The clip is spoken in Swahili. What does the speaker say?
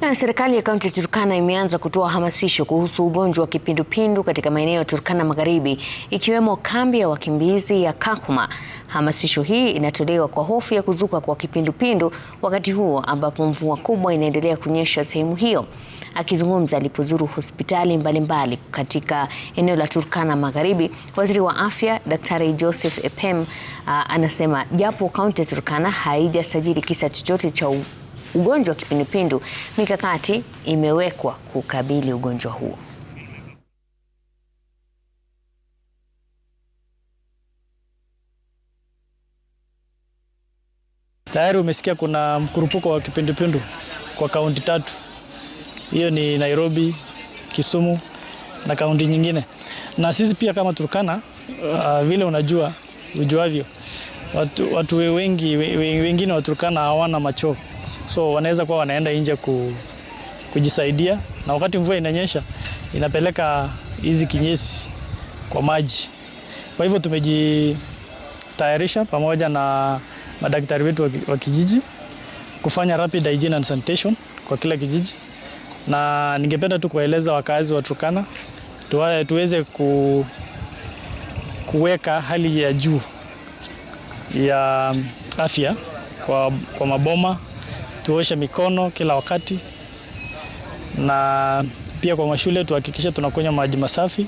Na serikali ya kaunti ya Turkana imeanza kutoa hamasisho kuhusu ugonjwa wa kipindupindu katika maeneo ya Turkana Magharibi ikiwemo kambi ya wakimbizi ya Kakuma. Hamasisho hii inatolewa kwa hofu ya kuzuka kwa kipindupindu wakati huo ambapo mvua kubwa inaendelea kunyesha sehemu hiyo. Akizungumza alipozuru hospitali mbalimbali mbali katika eneo la Turkana Magharibi, waziri wa afya Daktari Joseph Epem uh, anasema japo kaunti ya Turkana haijasajili kisa chochote cha ugonjwa wa kipindupindu, mikakati imewekwa kukabili ugonjwa huo. Tayari umesikia kuna mkurupuko wa kipindupindu kwa kaunti tatu, hiyo ni Nairobi, Kisumu na kaunti nyingine. Na sisi pia kama Turkana uh, vile unajua ujuavyo, watu, watu wengi wengine wa Turkana hawana machoo so wanaweza kuwa wanaenda nje ku, kujisaidia, na wakati mvua inanyesha inapeleka hizi kinyesi kwa maji. Kwa hivyo tumejitayarisha pamoja na madaktari wetu wa kijiji kufanya rapid hygiene and sanitation kwa kila kijiji, na ningependa tu kuwaeleza wakazi wa Turkana tuweze ku, kuweka hali ya juu ya afya kwa, kwa maboma tuoshe mikono kila wakati, na pia kwa mashule tuhakikishe tunakunywa maji masafi.